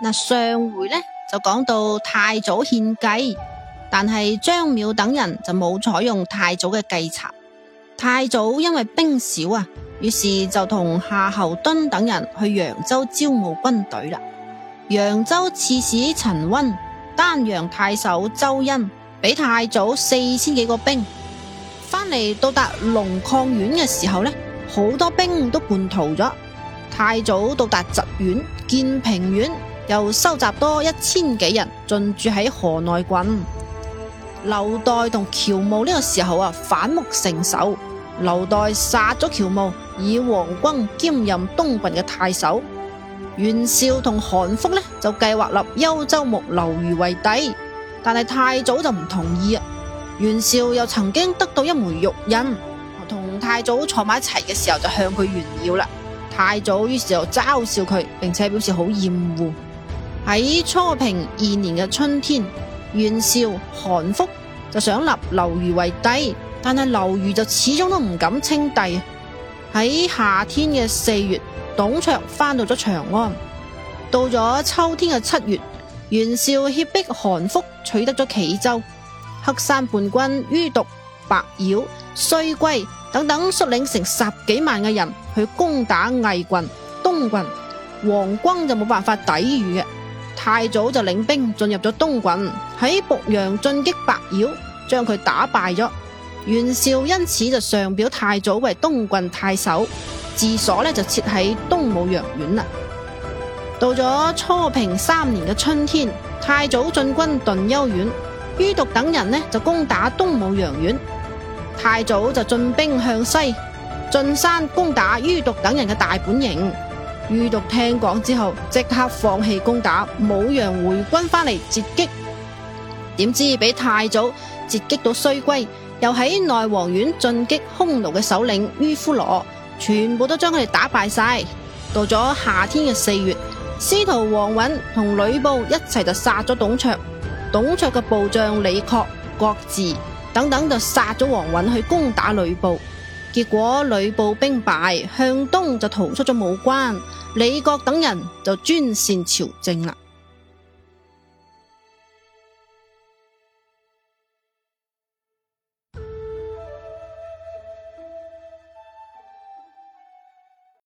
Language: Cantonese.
嗱，上回呢就講到太祖獻計，但係張淼等人就冇採用太祖嘅計策。太祖因為兵少啊，於是就同夏侯惇等人去揚州招募軍隊啦。揚州刺史陳溫、丹陽太守周昕俾太祖四千幾個兵，翻嚟到達龍亢縣嘅時候呢，好多兵都叛逃咗。太祖到達澤縣、建平縣。又收集多一千幾人，進駐喺河內郡。劉岱同喬瑁呢個時候啊，反目成仇。劉岱殺咗喬瑁，以皇軍兼任東郡嘅太守。袁紹同韓馥呢就計劃立幽州牧劉虞為帝，但係太祖就唔同意啊。袁紹又曾經得到一枚玉印，同太祖坐埋一齊嘅時候就向佢炫耀啦。太祖於是就嘲笑佢，並且表示好厭惡。喺初平二年嘅春天，袁紹、韓福就想立劉虞為帝，但係劉虞就始終都唔敢稱帝。喺夏天嘅四月，董卓翻到咗長安。到咗秋天嘅七月，袁紹脅迫韓福取得咗冀州。黑山叛軍于毒、白繞、衰歸等等，率領成十幾萬嘅人去攻打魏郡、東郡，王軍就冇辦法抵御嘅。太祖就領兵進入咗東郡，喺濮陽進擊白繞，將佢打敗咗。袁紹因此就上表太祖為東郡太守，治所呢就設喺東武陽縣啦。到咗初平三年嘅春天，太祖進軍頓丘縣，于毒等人呢就攻打東武陽縣，太祖就進兵向西，進山攻打于毒等人嘅大本營。預聽講之後，即刻放棄攻打武陽，回軍翻嚟截擊。點知俾太祖截擊到眭固，又喺內黃縣進擊匈奴嘅首領於夫羅，全部都將佢哋打敗晒。到咗夏天嘅四月，司徒王允同呂布一齊就殺咗董卓。董卓嘅部將李傕、郭汜等等就殺咗王允去攻打呂布。結果呂布兵敗，向東就逃出咗武關，李傕等人就專擅朝政啦。